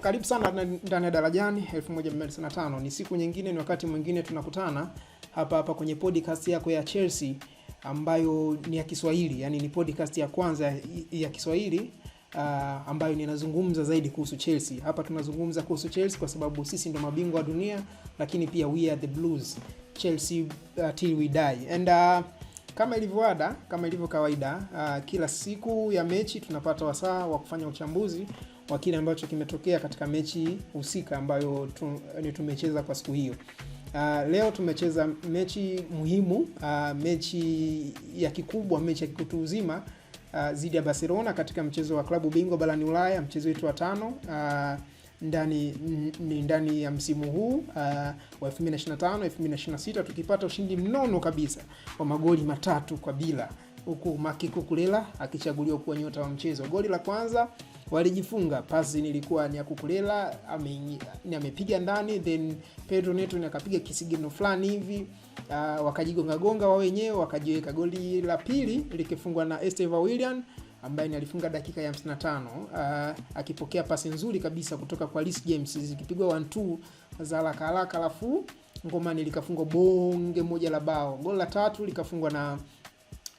Karibu sana ndani ya Darajani 1295. Ni siku nyingine, ni wakati mwingine tunakutana hapa hapa kwenye podcast yako ya Chelsea ambayo ni ya Kiswahili, yani ni podcast ya kwanza ya Kiswahili uh, ambayo ninazungumza zaidi kuhusu Chelsea. Hapa tunazungumza kuhusu Chelsea kwa sababu sisi ndo mabingwa wa dunia, lakini pia we are the blues Chelsea uh, till we die. And uh, kama ilivyo ada, kama ilivyo kawaida uh, kila siku ya mechi tunapata wasaa wa kufanya uchambuzi wa kile ambacho kimetokea katika mechi husika ambayo tu, ni tumecheza kwa siku hiyo. Uh, leo tumecheza mechi muhimu uh, mechi ya kikubwa, mechi ya kikutu uzima dhidi ah, uh, ya Barcelona katika mchezo wa klabu bingwa barani Ulaya, mchezo wetu wa tano uh, ndani ni ndani ya msimu huu uh, wa 2025 2026, tukipata ushindi mnono kabisa wa magoli matatu kwa bila, huku Maki Kukulela akichaguliwa kuwa nyota wa mchezo. Goli la kwanza walijifunga, pasi nilikuwa ni ya Kukulela amepiga ndani, then Pedro Neto akapiga kisigino fulani hivi uh, ah, wakajigonga gonga wao wenyewe wakajiweka. Goli la pili likifungwa na esteva william ambaye alifunga dakika ya 55 uh, ah, akipokea pasi nzuri kabisa kutoka kwa Lis James zikipigwa 1-2 za haraka haraka, alafu ngomani likafungwa bonge moja la bao. Goli la tatu likafungwa na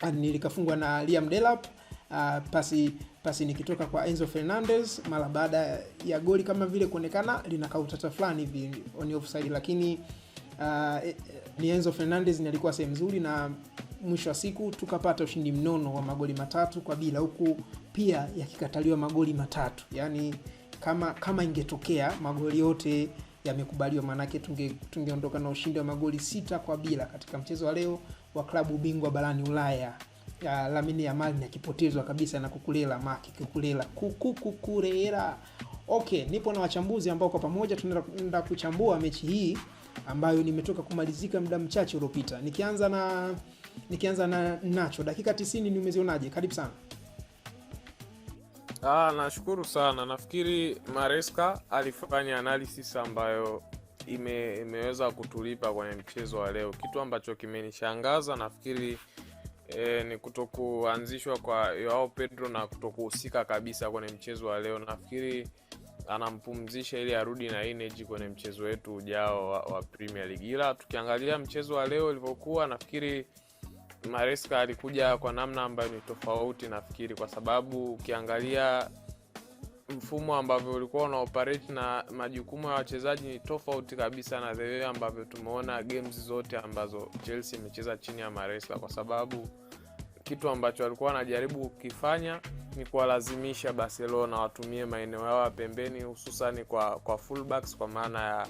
uh, likafungwa na Liam Delap uh, pasi pasi nikitoka kwa Enzo Fernandez mara baada ya goli kama vile kuonekana lina kautata fulani hivi on offside, lakini uh, eh, ni Enzo Fernandez ni alikuwa sehemu nzuri, na mwisho wa siku tukapata ushindi mnono wa magoli matatu kwa bila, huku pia yakikataliwa magoli matatu. Yani kama kama ingetokea magoli yote yamekubaliwa, maanake tungeondoka tunge na ushindi wa magoli sita kwa bila katika mchezo wa leo wa klabu bingwa barani Ulaya ya Lamine mali ni akipotezwa kabisa na kukulela maki kukulela kuku ok Okay, nipo na wachambuzi ambao kwa pamoja tunaenda kuchambua mechi hii ambayo nimetoka kumalizika muda mchache uliopita. Nikianza na nikianza na Nacho, dakika 90 ni umezionaje? Karibu sana. Ah, nashukuru sana. Nafikiri Maresca alifanya analysis ambayo ime, imeweza kutulipa kwenye mchezo wa leo, kitu ambacho kimenishangaza nafikiri e, ni kutokuanzishwa kwa Joao Pedro na kutokuhusika kabisa kwenye mchezo wa leo. Nafikiri anampumzisha ili arudi na energy kwenye mchezo wetu ujao wa, wa Premier League. Ila tukiangalia mchezo wa leo ilivyokuwa, nafikiri Maresca alikuja kwa namna ambayo ni tofauti, nafikiri kwa sababu ukiangalia mfumo ambavyo ulikuwa una operate na majukumu ya wachezaji ni tofauti kabisa na thewe ambavyo tumeona games zote ambazo Chelsea imecheza chini ya Maresla, kwa sababu kitu ambacho walikuwa wanajaribu kukifanya ni kuwalazimisha Barcelona watumie maeneo yao ya pembeni, hususani kwa kwa fullbacks kwa maana ya,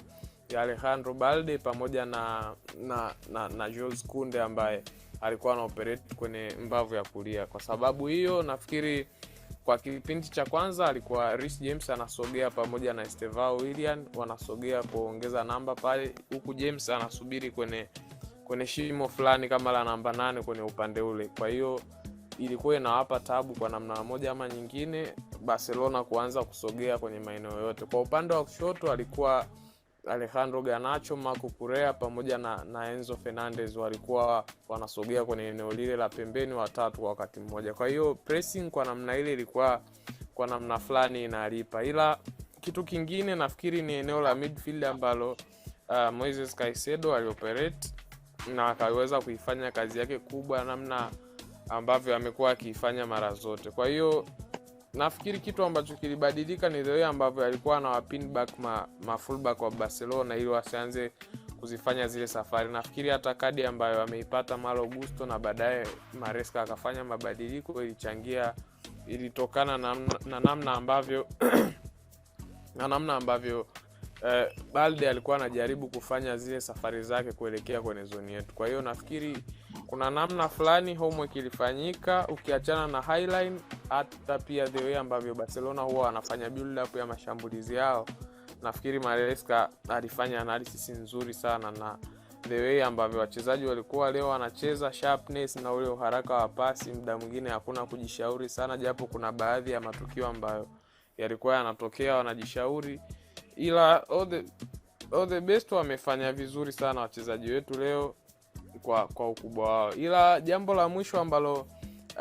ya Alejandro Balde pamoja na na, na, na Jules Kunde ambaye alikuwa anaoperate kwenye mbavu ya kulia. Kwa sababu hiyo nafikiri kwa kipindi cha kwanza alikuwa Reece James anasogea pamoja na Estevao Willian wanasogea kuongeza namba pale, huku James anasubiri kwenye kwenye shimo fulani kama la namba nane kwenye upande ule. Kwa hiyo ilikuwa inawapa tabu kwa namna moja ama nyingine Barcelona kuanza kusogea kwenye maeneo yote. Kwa upande wa kushoto alikuwa Alejandro Garnacho, Marco Correa pamoja na, na Enzo Fernandez walikuwa wanasogea kwenye eneo lile la pembeni watatu kwa wakati mmoja. Kwa hiyo pressing kwa namna ile ilikuwa kwa namna fulani inalipa, ila kitu kingine nafikiri ni eneo la midfield ambalo uh, Moises Caicedo alioperate na akaweza kuifanya kazi yake kubwa namna ambavyo amekuwa akiifanya mara zote. Kwa hiyo nafikiri kitu ambacho kilibadilika ni the ambavyo alikuwa na wapin back ma, ma wa Barcelona ili wasianze kuzifanya zile safari. Nafikiri hata kadi ambayo ameipata Malo augusto na baadaye mareska akafanya mabadiliko ilichangia, ilitokana na namna ambavyo na namna ambavyo Eh, Balde alikuwa anajaribu kufanya zile safari zake kuelekea kwenye zoni yetu. Kwa hiyo nafikiri kuna namna fulani homework ilifanyika, ukiachana na highline, hata pia the way ambavyo Barcelona huwa wanafanya build up ya mashambulizi yao. Nafikiri Maresca alifanya analysis nzuri sana na the way ambavyo wachezaji walikuwa leo wanacheza sharpness na ule uharaka wa pasi, muda mwingine hakuna kujishauri sana, japo kuna baadhi ya matukio ambayo yalikuwa yanatokea wanajishauri ila odhebest the, wamefanya vizuri sana wachezaji wetu leo kwa kwa ukubwa wao, ila jambo la mwisho ambalo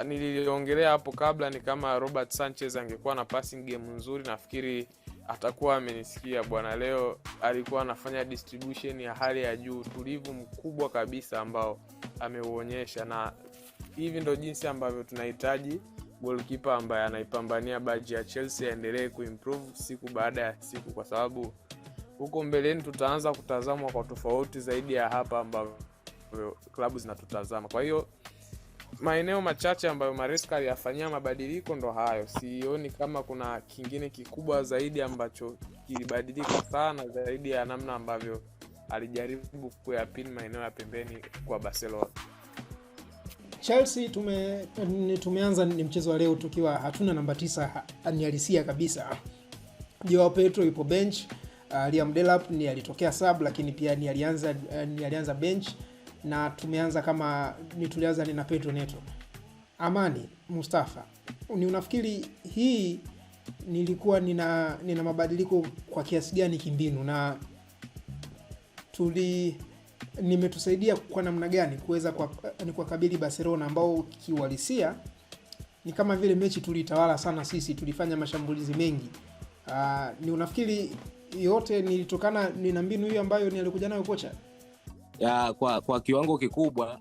nililiongelea hapo kabla ni kama Robert Sanchez angekuwa na passing game nzuri, nafikiri atakuwa amenisikia bwana. Leo alikuwa anafanya distribution ya hali ya juu, utulivu mkubwa kabisa ambao ameuonyesha, na hivi ndo jinsi ambavyo tunahitaji golkipa ambaye anaipambania baji ya Chelsea aendelee kuimprove siku baada ya siku, kwa sababu huko mbeleni tutaanza kutazamwa kwa tofauti zaidi ya hapa ambavyo klabu zinatutazama. Kwa hiyo maeneo machache ambayo Maresca aliyafanyia mabadiliko ndo hayo. Sioni kama kuna kingine kikubwa zaidi ambacho kilibadilika sana zaidi ya namna ambavyo alijaribu kuyapin maeneo ya pembeni kwa Barcelona. Chelsea tume, tumeanza ni mchezo wa leo tukiwa hatuna namba tisa nialisia kabisa. Joao Pedro yupo bench, uh, Liam Delap ni alitokea sub lakini pia ni alianza ni alianza bench na tumeanza kama ni tulianza ni na Pedro Neto. Amani Mustafa, ni unafikiri hii nilikuwa nina nina mabadiliko kwa kiasi gani kimbinu na tuli nimetusaidia kwa namna gani kuweza eh, ni kuwakabili Barcelona ambao kiuhalisia ni kama vile mechi tulitawala sana sisi, tulifanya mashambulizi mengi. Aa, ah, ni unafikiri yote nilitokana ni na mbinu hiyo ambayo ni nayo kocha ya, kwa, kwa kiwango kikubwa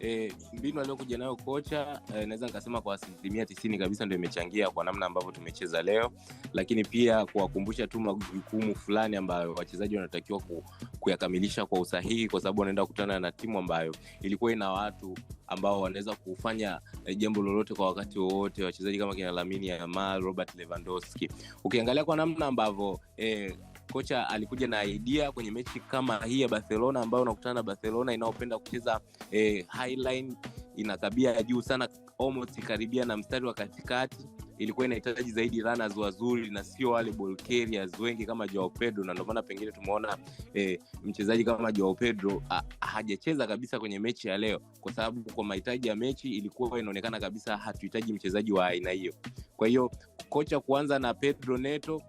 Eh, mbinu eh, aliyokuja nayo kocha eh, naweza nikasema kwa asilimia tisini kabisa ndo imechangia kwa namna ambavyo tumecheza leo, lakini pia kuwakumbusha tu majukumu fulani ambayo wachezaji wanatakiwa ku, kuyakamilisha kwa usahihi, kwa sababu wanaenda kukutana na timu ambayo ilikuwa ina watu ambao wanaweza kufanya eh, jambo lolote kwa wakati wowote, wachezaji kama kina Lamine Yamal, Robert levandowski Ukiangalia kwa namna ambavyo eh, kocha alikuja na idea kwenye mechi kama hii ya Barcelona ambayo unakutana na Barcelona inayopenda kucheza eh, highline ina tabia ya juu sana almost karibia na mstari wa katikati ilikuwa inahitaji zaidi runners wazuri na sio wale ball carriers wengi kama Joao Pedro, na ndio maana pengine tumeona e, mchezaji kama Joao Pedro ah, hajacheza kabisa kwenye mechi ya leo, kwa sababu kwa mahitaji ya mechi ilikuwa inaonekana kabisa hatuhitaji mchezaji wa aina hiyo. Kwa hiyo kocha kuanza na Pedro Neto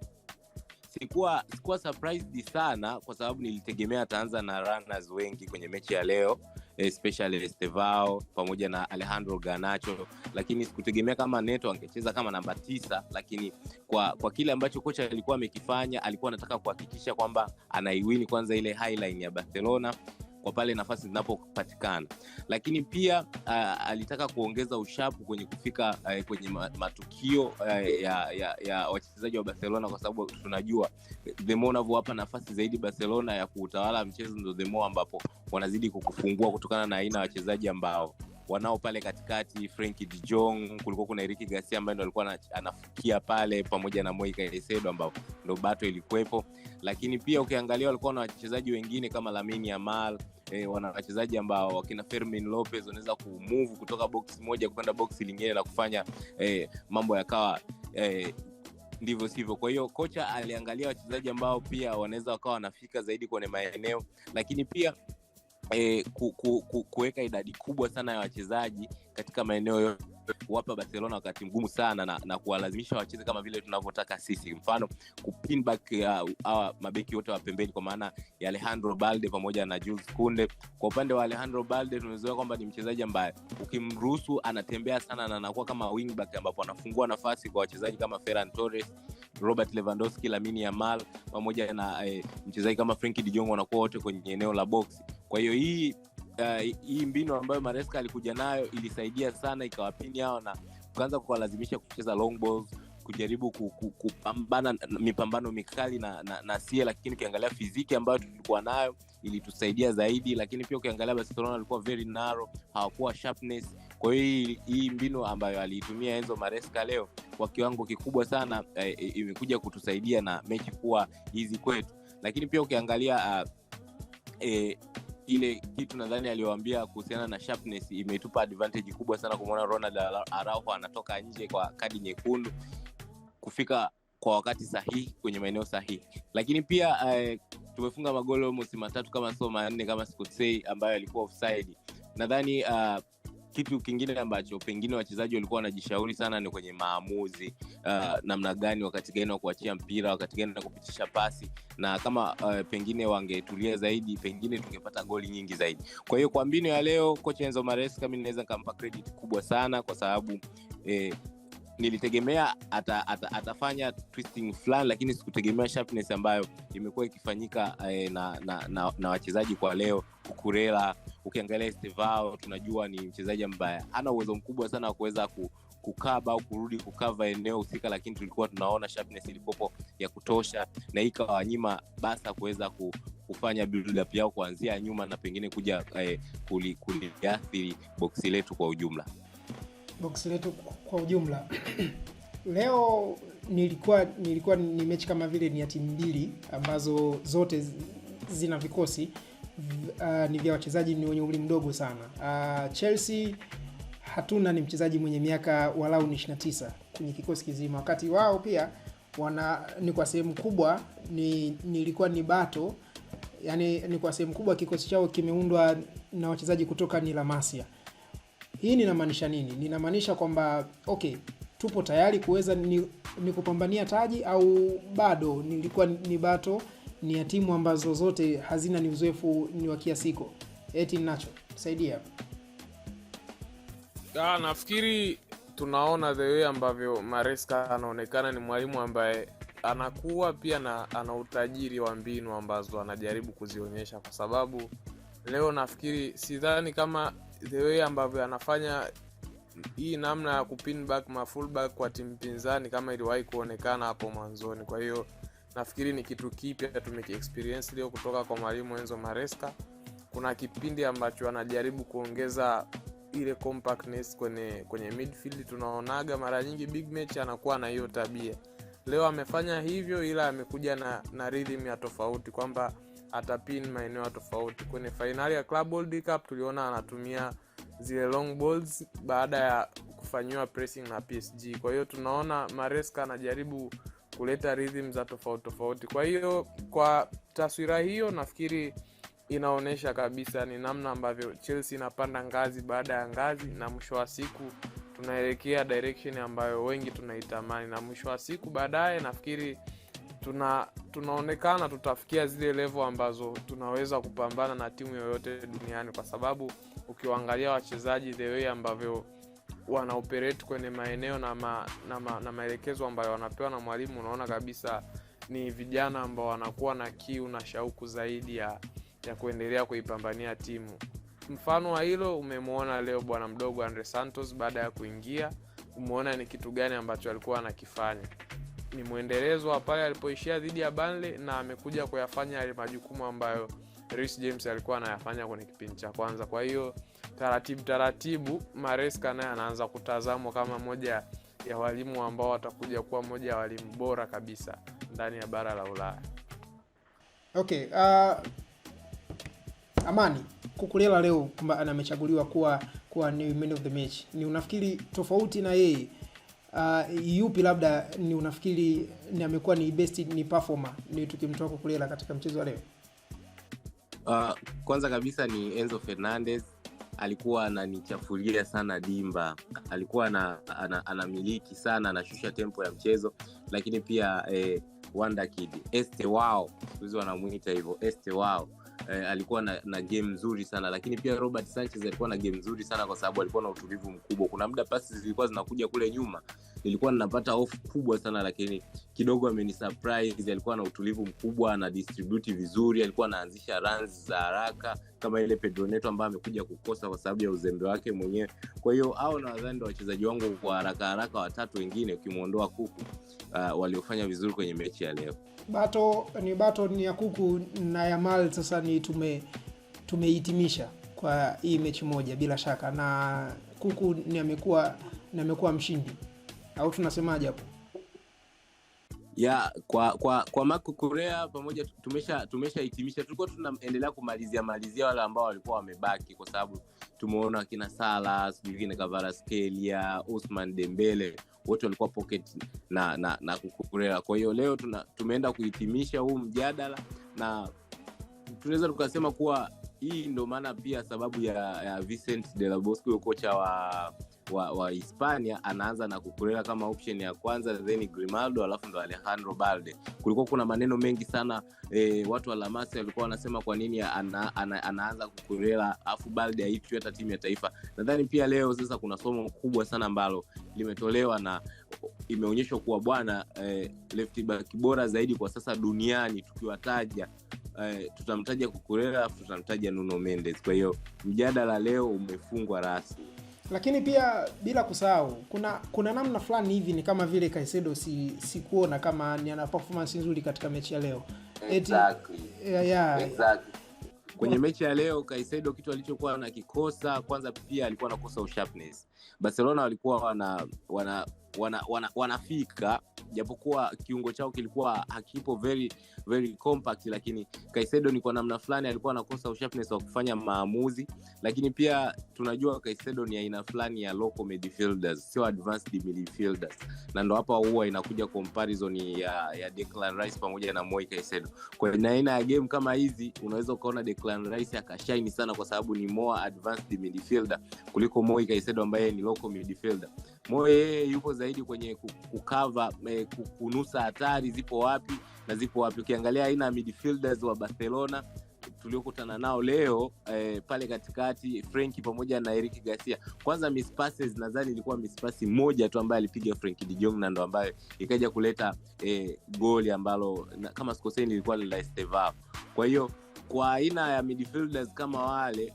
sikuwa sikuwa surprised sana kwa sababu nilitegemea ataanza na runners wengi kwenye mechi ya leo especially Estevao pamoja na Alejandro ganacho lakini sikutegemea kama Neto angecheza kama namba tisa, lakini kwa kwa kile ambacho kocha alikuwa amekifanya, alikuwa anataka kuhakikisha kwamba anaiwini kwanza ile highline ya Barcelona kwa pale nafasi zinapopatikana, lakini pia uh, alitaka kuongeza ushapu kwenye kufika uh, kwenye matukio uh, ya, ya, ya wachezaji wa Barcelona kwa sababu tunajua themo unavyowapa nafasi zaidi Barcelona ya kuutawala mchezo ndo themo ambapo wanazidi kukufungua kutokana na aina ya wachezaji ambao wanao pale katikati frank dijon kulikuwa kuna eriki gasia ambaye ndo alikuwa anafukia pale pamoja na Moi Caicedo ambao ndo bato ilikuwepo, lakini pia ukiangalia walikuwa na wachezaji wengine kama lamini amal E, eh, wana wachezaji ambao wakina Fermin Lopez wanaweza kumuvu kutoka boksi moja kwenda boksi lingine na kufanya e, mambo yakawa e, ndivyo sivyo. Kwa hiyo kocha aliangalia wachezaji ambao pia wanaweza wakawa wanafika zaidi kwenye maeneo, lakini pia e, kuweka idadi kubwa sana ya wachezaji katika maeneo yote kuwapa barcelona wakati mgumu sana na, na kuwalazimisha wacheze kama vile tunavyotaka sisi mfano kupin back uh, hawa uh, mabeki wote wa pembeni kwa maana ya alejandro balde pamoja na jules kunde kwa upande wa alejandro balde tumezoea kwamba ni mchezaji ambaye ukimruhusu anatembea sana na anakuwa kama wingback ambapo anafungua nafasi kwa wachezaji kama ferran torres robert levandowski lamini yamal pamoja na eh, mchezaji kama frenki dijongo wanakuwa wote kwenye eneo la box kwa hiyo hii uh, hii mbinu ambayo Maresca alikuja nayo ilisaidia sana, ikawapini hao na kuanza kuwalazimisha kucheza long balls, kujaribu kupambana mipambano mikali na, na, na sie, lakini ukiangalia fiziki ambayo tulikuwa nayo ilitusaidia zaidi, lakini pia ukiangalia Barcelona alikuwa very narrow, hawakuwa sharpness. Kwa hiyo hii mbinu ambayo aliitumia Enzo Maresca leo kwa kiwango kikubwa sana eh, imekuja kutusaidia na mechi kuwa hizi kwetu, lakini pia ukiangalia uh, eh, eh ile kitu nadhani aliyoambia kuhusiana na sharpness imetupa advantage kubwa sana kumwona ronald araho anatoka nje kwa kadi nyekundu kufika kwa wakati sahihi kwenye maeneo sahihi lakini pia uh, tumefunga magoli almost matatu kama sio manne kama sikosei ambayo alikuwa offside nadhani uh, kitu kingine ambacho pengine wachezaji walikuwa wanajishauri sana ni kwenye maamuzi uh, namna gani wakati gani wa kuachia mpira wakati gani na kupitisha pasi na kama uh, pengine wangetulia zaidi pengine tungepata goli nyingi zaidi kwa hiyo kwa mbinu ya leo kocha enzo maresi kami naweza nikampa kredit kubwa sana kwa sababu eh, nilitegemea ata, ata, atafanya twisting lakini sikutegemea sharpness ambayo imekuwa ikifanyika eh, na, na, na, na wachezaji kwa leo kurela ukiangalia estevao tunajua ni mchezaji ambaye hana uwezo mkubwa sana wa kuweza ku, kukaba au kurudi kukava eneo husika lakini tulikuwa tunaona sharpness ilikopo ya kutosha na hii kawanyima basa kuweza ku, kufanya yao kuanzia nyuma na pengine kuja eh, kuliathiri kuli boksi letu kwa ujumla boksi letu kwa ujumla leo nilikuwa nilikuwa ni mechi kama vile ni ya timu mbili ambazo zote zina vikosi uh, ni vya wachezaji ni wenye umri mdogo sana. Uh, Chelsea hatuna ni mchezaji mwenye miaka walau ni 29 kwenye kikosi kizima, wakati wao pia wana ni kwa sehemu kubwa ni nilikuwa ni bato yani, ni kwa sehemu kubwa kikosi chao kimeundwa na wachezaji kutoka ni La Masia. Hii ninamaanisha nini? Ninamaanisha kwamba okay, tupo tayari kuweza ni, ni kupambania taji au bado nilikuwa ni bato ni ya timu ambazo zote hazina ni uzoefu ni wa kiasiko. Eti nacho saidia. Ah, nafikiri tunaona the way ambavyo mareska anaonekana ni mwalimu ambaye anakuwa pia na ana utajiri wa mbinu ambazo anajaribu kuzionyesha, kwa sababu leo nafikiri sidhani kama the way ambavyo anafanya hii namna ya kupin back kwa timu pinzani kama iliwahi kuonekana hapo mwanzoni. Kwa hiyo nafikiri ni kitu kipya tumeki leo kutoka kwa mwalimu Enzo maresta Kuna kipindi ambacho anajaribu kuongeza ile compactness kwenye kwenye midfield. Tunaonaga mara nyingi big match anakuwa na hiyo tabia. Leo amefanya hivyo, ila amekuja na, na rhythm ya tofauti kwamba atapin maeneo tofauti. Kwenye fainali ya Club World Cup tuliona anatumia zile long balls baada ya kufanyiwa pressing na PSG. Kwa hiyo tunaona Maresca anajaribu kuleta rhythm za tofauti tofauti. Kwa hiyo kwa taswira hiyo, nafikiri inaonyesha kabisa ni namna ambavyo Chelsea inapanda ngazi baada ya ngazi, na mwisho wa siku tunaelekea direction ambayo wengi tunaitamani, na mwisho wa siku baadaye nafikiri tuna tunaonekana tutafikia zile levo ambazo tunaweza kupambana na timu yoyote duniani, kwa sababu ukiwaangalia wachezaji the way ambavyo wana operate kwenye maeneo na, ma, na, ma, na maelekezo ambayo wanapewa na mwalimu, unaona kabisa ni vijana ambao wanakuwa na kiu na shauku zaidi ya, ya kuendelea kuipambania timu. Mfano wa hilo umemwona leo bwana mdogo Andre Santos baada ya kuingia, umeona ni kitu gani ambacho alikuwa anakifanya ni mwendelezo wa pale alipoishia dhidi ya Burnley na amekuja kuyafanya yale majukumu ambayo Reece James alikuwa anayafanya kwenye kipindi cha kwanza. Kwa hiyo taratibu taratibu, Maresca naye anaanza kutazamwa kama moja ya walimu ambao watakuja kuwa moja ya walimu bora kabisa ndani ya bara la Ulaya. Okay, uh, Amani Kukulela leo kwamba amechaguliwa kuwa kuwa ni man of the match, ni unafikiri tofauti na yeye uh, yupi labda ni unafikiri ni amekuwa ni best ni performer ni tukimtoa Kukulela katika mchezo wa leo? Uh, kwanza kabisa ni Enzo Fernandez alikuwa ananichafulia sana dimba, alikuwa ana, anamiliki ana sana, anashusha tempo ya mchezo, lakini pia eh, Wanda Kid este wao, wow. Wanamwita hivyo este wao eh, alikuwa na, na game nzuri sana lakini pia robert sanchez alikuwa na game nzuri sana kwa sababu alikuwa na utulivu mkubwa kuna muda pasi zilikuwa zinakuja kule nyuma nilikuwa ninapata hofu kubwa sana lakini kidogo ameni alikuwa na utulivu mkubwa distributi vizuri alikuwa anaanzisha runs za haraka kama ile pedroneto ambayo amekuja kukosa kwa sababu ya uzembe wake mwenyewe kwa hiyo au nawadhani ndo wachezaji wangu kwa haraka haraka watatu wengine ukimwondoa kuku uh, waliofanya vizuri kwenye mechi ya leo bato ni bato ni ya kuku na yamal sasa ni tume tumehitimisha kwa hii mechi moja bila shaka na kuku ni amekuwa ni amekuwa mshindi au tunasemaje hapo? ya kwa kwa kwa Marco pamoja tumesha tumeshahitimisha. Tulikuwa tunaendelea kumalizia malizia wale ambao walikuwa wamebaki, kwa sababu tumeona akina sala sijui kina kavaraskelia Ousmane Dembele wote walikuwa pocket na na na Correa. Kwa hiyo leo tuna, tumeenda kuhitimisha huu mjadala na tunaweza tukasema kuwa hii ndio maana pia sababu ya, ya vicent delabosco kocha wa wa, wa hispania anaanza na kukurela kama option ya kwanza then grimaldo alafu ndo alejandro balde kulikuwa kuna maneno mengi sana e, watu wa lamasi walikuwa wanasema kwa nini ana, ana, anaanza kukurela alafu balde aitwi hata timu ya taifa nadhani pia leo sasa kuna somo kubwa sana ambalo limetolewa na imeonyeshwa kuwa bwana e, left back bora zaidi kwa sasa duniani tukiwataja Uh, tutamtaja kukurela alafu tutamtaja nuno mendes kwa hiyo mjadala leo umefungwa rasmi lakini pia bila kusahau kuna kuna namna fulani hivi ni kama vile Caicedo si sikuona kama ni ana performance nzuri katika mechi ya leo. Exactly. Eti, yeah, yeah. Exactly. Kwenye mechi ya leo kaisedo kitu alichokuwa kikosa kwanza, pia alikuwa anakosa usharpness barcelona walikuwa wana wana wana, wana wanafika japokuwa kiungo chao kilikuwa hakipo very very compact lakini Kaisedo ni kwa namna fulani alikuwa anakosa usharpness wa kufanya maamuzi lakini pia tunajua Kaisedo ni aina fulani ya local midfielders sio advanced midfielders na ndo hapa huwa inakuja comparison ya, ya Declan Rice pamoja na Moi Kaisedo kwa aina ya game kama hizi unaweza ukaona Declan Rice akashaini sana kwa sababu ni more advanced midfielder kuliko Moi Kaisedo ambaye ambaye ni local midfielder. Moyo yeye yupo zaidi kwenye kukava, eh, kunusa hatari zipo wapi na zipo wapi. Ukiangalia aina ya midfielders wa Barcelona tuliokutana nao leo eh, pale katikati frank pamoja na Eric Garcia. Kwanza miss nadhani ilikuwa mispasi moja tu ambaye alipiga frank de na ndo ambayo ikaja kuleta eh, goli ambalo na, kama sikosei ilikuwa ni la Estevao. Kwa hiyo kwa aina ya midfielders kama wale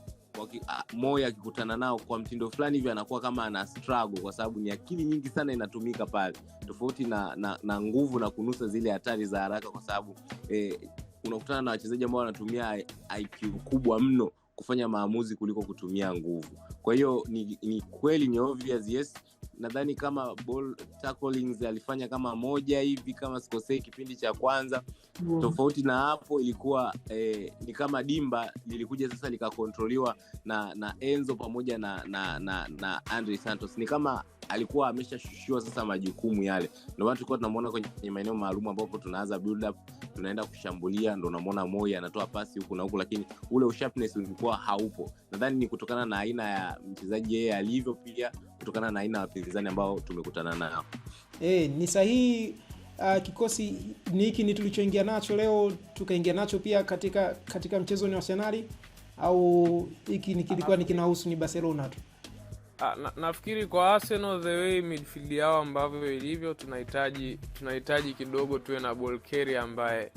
Ah, moyo akikutana nao kwa mtindo fulani hivyo anakuwa kama ana struggle kwa sababu ni akili nyingi sana inatumika pale tofauti na, na, na nguvu na kunusa zile hatari za haraka kwa sababu eh, unakutana na wachezaji ambao wanatumia IQ kubwa mno kufanya maamuzi kuliko kutumia nguvu kwa hiyo ni, ni kweli ni obvious yes nadhani kama ball alifanya kama moja hivi kama sikosei kipindi cha kwanza yeah. tofauti na hapo ilikuwa eh, ni kama dimba lilikuja sasa likakontroliwa na na enzo pamoja na na na, na andr santos ni kama alikuwa ameshashushiwa sasa majukumu yale ndomana maana tulikuwa tunamwona kwenye maeneo maalum ambapo tunaanza build up tunaenda kushambulia, ndo unamwona Moi anatoa pasi huku na huku, lakini ule usharpness ulikuwa haupo. Nadhani ni kutokana na aina ya mchezaji yeye alivyo, pia kutokana na aina ya wapinzani ambao tumekutana nao. Hey, eh, ni sahihi. Uh, kikosi hiki ni tulichoingia nacho leo, tukaingia nacho pia katika katika mchezo ni Arsenal, au hiki kilikuwa ni kinahusu ni Barcelona tu? Ah, na, nafikiri kwa Arsenal the way midfield yao ambavyo ilivyo, tunahitaji tunahitaji kidogo tuwe na ball ambaye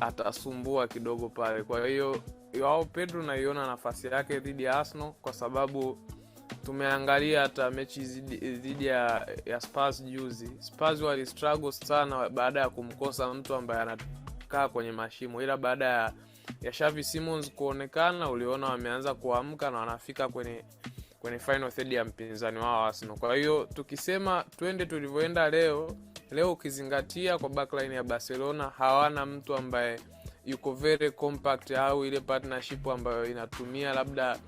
atasumbua kidogo pale. Kwa hiyo wao Pedro naiona nafasi yake dhidi ya Arsenal kwa sababu tumeangalia hata mechi dhidi ya, ya Spurs juzi. Spurs wali struggle sana baada ya kumkosa mtu ambaye anakaa kwenye mashimo, ila baada ya, ya Xavi Simons kuonekana uliona wameanza kuamka na wanafika kwenye kwenye final third ya mpinzani wao Arsenal. Kwa hiyo tukisema twende tulivyoenda leo leo, ukizingatia kwa backline ya Barcelona hawana mtu ambaye yuko very compact au ile partnership ambayo inatumia labda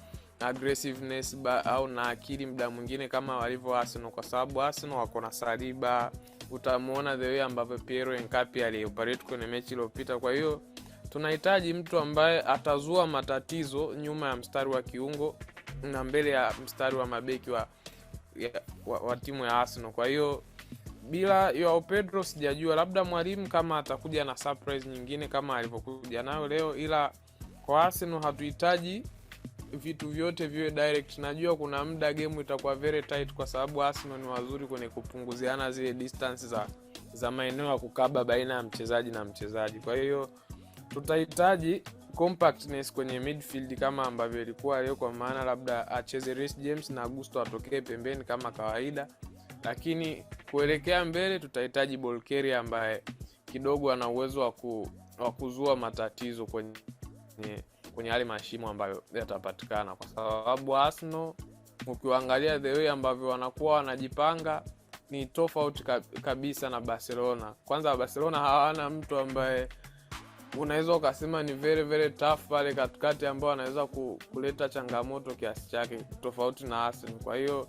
aggressiveness ba, au na akili mda mwingine kama walivyo Arsenal, kwa sababu Arsenal wako na Saliba. Utamwona the way ambavyo Piero Nkapi alioperate kwenye mechi iliyopita. Kwa hiyo tunahitaji mtu ambaye atazua matatizo nyuma ya mstari wa kiungo na mbele ya mstari wa mabeki wa, wa, wa timu ya Arsenal. Kwa hiyo bila Joao Pedro sijajua, labda mwalimu kama atakuja na surprise nyingine kama alivyokuja nayo leo, ila kwa Arsenal hatuhitaji vitu vyote viwe direct. Najua kuna muda game itakuwa very tight, kwa sababu Arsenal ni wazuri kwenye kupunguziana zile distance za za maeneo ya kukaba baina ya mchezaji na mchezaji. Kwa hiyo tutahitaji compactness kwenye midfield kama ambavyo ilikuwa leo, kwa maana labda acheze Reece James na Gusto atokee pembeni kama kawaida, lakini kuelekea mbele tutahitaji ball carrier ambaye kidogo ana uwezo wa kuzua matatizo kwenye kwenye yale mashimo ambayo yatapatikana, kwa sababu Arsenal ukiwaangalia the way ambavyo wanakuwa wanajipanga ni tofauti kabisa na Barcelona. Kwanza Barcelona hawana mtu ambaye unaweza ukasema ni very very tough pale katikati, ambao anaweza kuleta changamoto kiasi chake, tofauti na Arsenal. Kwa hiyo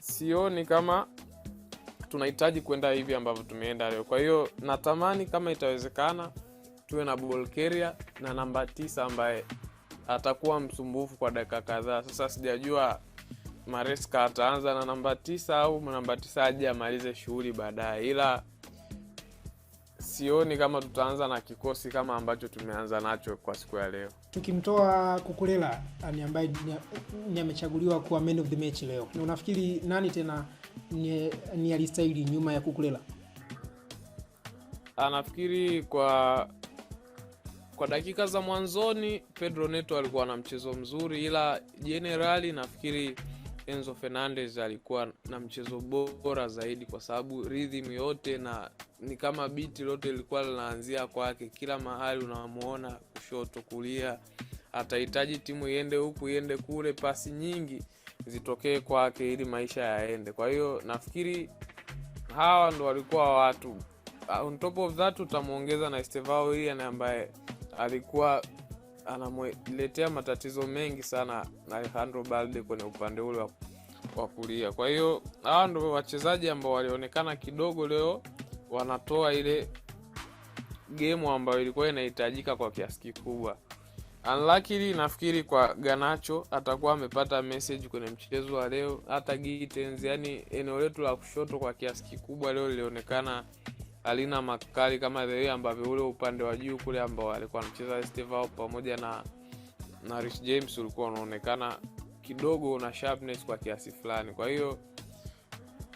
sioni kama tunahitaji kwenda hivi ambavyo tumeenda leo. Kwa hiyo natamani kama itawezekana tuwe na ball carrier na namba tisa ambaye atakuwa msumbufu kwa dakika kadhaa. Sasa sijajua Maresca ataanza na namba tisa au namba tisa aje amalize shughuli baadaye, ila sioni kama tutaanza na kikosi kama ambacho tumeanza nacho kwa siku ya leo, tukimtoa Kukulela ni ambaye ni amechaguliwa kuwa man of the match leo. Na unafikiri nani tena ni, ni alistahili nyuma ya Kukulela? Anafikiri ah, kwa kwa dakika za mwanzoni Pedro Neto alikuwa na mchezo mzuri, ila jenerali nafikiri Enzo Fernandez alikuwa na mchezo bora zaidi, kwa sababu rhythm yote na ni kama biti lote lilikuwa linaanzia kwake. Kila mahali unamuona kushoto, kulia, atahitaji timu iende huku iende kule, pasi nyingi zitokee kwake ili maisha yaende. Kwa hiyo nafikiri hawa ndo walikuwa watu. Ah, on top of that, utamwongeza na Estevao ambaye alikuwa anamletea matatizo mengi sana Alejandro Balde kwenye upande ule wa kulia. Kwa hiyo hawa ndo wachezaji ambao walionekana kidogo leo wanatoa ile gemu ambayo ilikuwa inahitajika kwa kiasi kikubwa. Unluckily nafikiri kwa Ganacho atakuwa amepata message kwenye mchezo wa leo, hata gitens yani eneo letu la kushoto kwa kiasi kikubwa leo lilionekana halina makali kama the ambavyo ule upande wa juu kule ambao alikuwa anacheza Steve Aoki pamoja na na Rich James ulikuwa unaonekana kidogo na sharpness kwa kiasi fulani. Kwa hiyo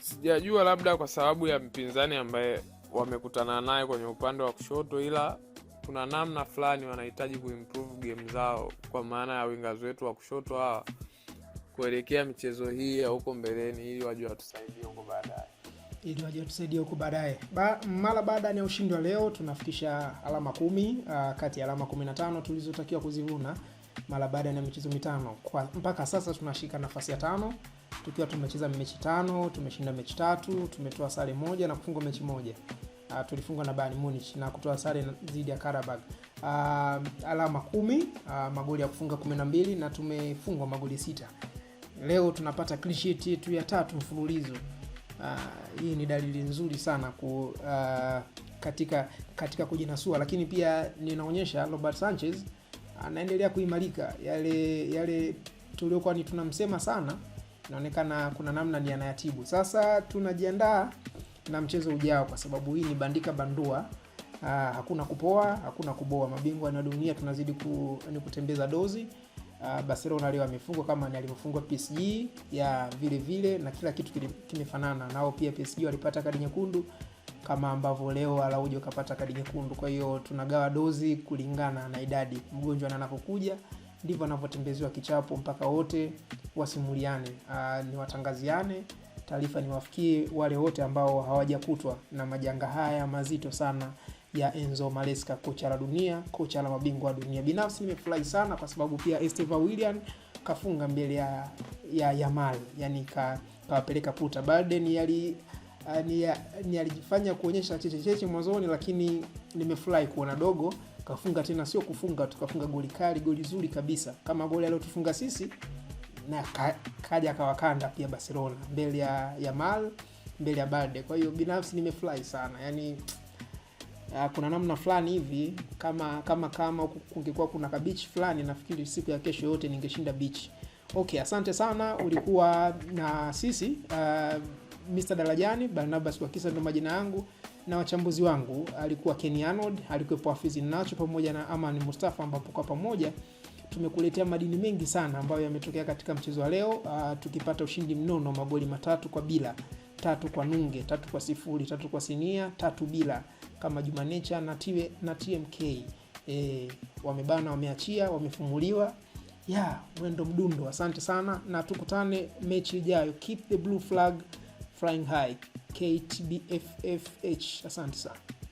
sijajua, labda kwa sababu ya mpinzani ambaye wamekutana naye kwenye upande wa kushoto, ila kuna namna fulani wanahitaji kuimprove game zao, kwa maana ya wingas wetu wa kushoto hawa kuelekea michezo hii ya huko mbeleni, ili waje watusaidie huko baadaye ili waje tusaidie huko baadaye. Ba, mara baada ya ushindi wa leo tunafikisha alama kumi uh, kati ya alama 15 tulizotakiwa kuzivuna mara baada ya michezo mitano. Kwa mpaka sasa tunashika nafasi ya tano tukiwa tumecheza mechi tano, tumeshinda mechi tatu, tumetoa sare moja na kufungwa mechi moja. Uh, ah, tulifungwa na Bayern Munich na kutoa sare dhidi ya Karabag. Uh, ah, alama kumi, uh, magoli ya kufunga 12 na tumefungwa magoli sita. Leo tunapata clean sheet yetu ya tatu mfululizo. Uh, hii ni dalili nzuri sana ku, uh, katika katika kujinasua, lakini pia ninaonyesha Robert Sanchez anaendelea kuimarika. Yale yale tuliokuwa ni tunamsema sana, inaonekana kuna namna ni anayatibu. Sasa tunajiandaa na mchezo ujao, kwa sababu hii ni bandika bandua. Uh, hakuna kupoa, hakuna kuboa. Mabingwa na dunia tunazidi ku, ni kutembeza dozi uh, Barcelona leo amefungwa kama alivyofungwa PSG ya vile vile, na kila kitu kimefanana nao. Pia PSG walipata kadi nyekundu kama ambavyo leo Araujo kapata kadi nyekundu. Kwa hiyo tunagawa dozi kulingana na idadi, mgonjwa na anapokuja ndivyo anavyotembezewa kichapo mpaka wote wasimuliane, uh, ah, ni watangaziane taarifa, niwafikie wale wote ambao hawajakutwa na majanga haya mazito sana ya Enzo Maresca, kocha la dunia, kocha la mabingwa wa dunia. Binafsi nimefurahi sana kwa sababu pia Estevao Willian kafunga mbele ya ya Yamal, yani kawapeleka ka puta. Baada ni ali eh, ni alijifanya kuonyesha chechecheche mwanzoni, lakini nimefurahi kuona dogo kafunga tena, sio kufunga tu, kafunga goli kali, goli zuri kabisa kama goli aliyotufunga sisi, na ka, kaja akawakanda pia Barcelona mbele ya Yamal, mbele ya Balde. Kwa hiyo binafsi nimefurahi sana yani uh, kuna namna fulani hivi kama kama kama kungekuwa kuna ka fulani, nafikiri siku ya kesho yote ningeshinda beach. Okay, asante sana, ulikuwa na sisi uh, ah, Mr. Darajani Barnabas Wakisa ndo majina yangu na wachambuzi wangu alikuwa Ken Arnold, alikuwepo afizi Nacho pamoja na Aman Mustafa, ambapo kwa pamoja tumekuletea madini mengi sana ambayo yametokea katika mchezo wa leo, uh, tukipata ushindi mnono magoli matatu kwa bila tatu kwa Nunge, tatu kwa Sifuri, tatu kwa Sinia, tatu bila kama jumanecha na, tiwe, na TMK e, wamebana, wameachia, wamefumuliwa ya yeah, mwendo mdundo. Asante sana na tukutane mechi ijayo. Keep the blue flag flying high. KTBFFH. Asante sana.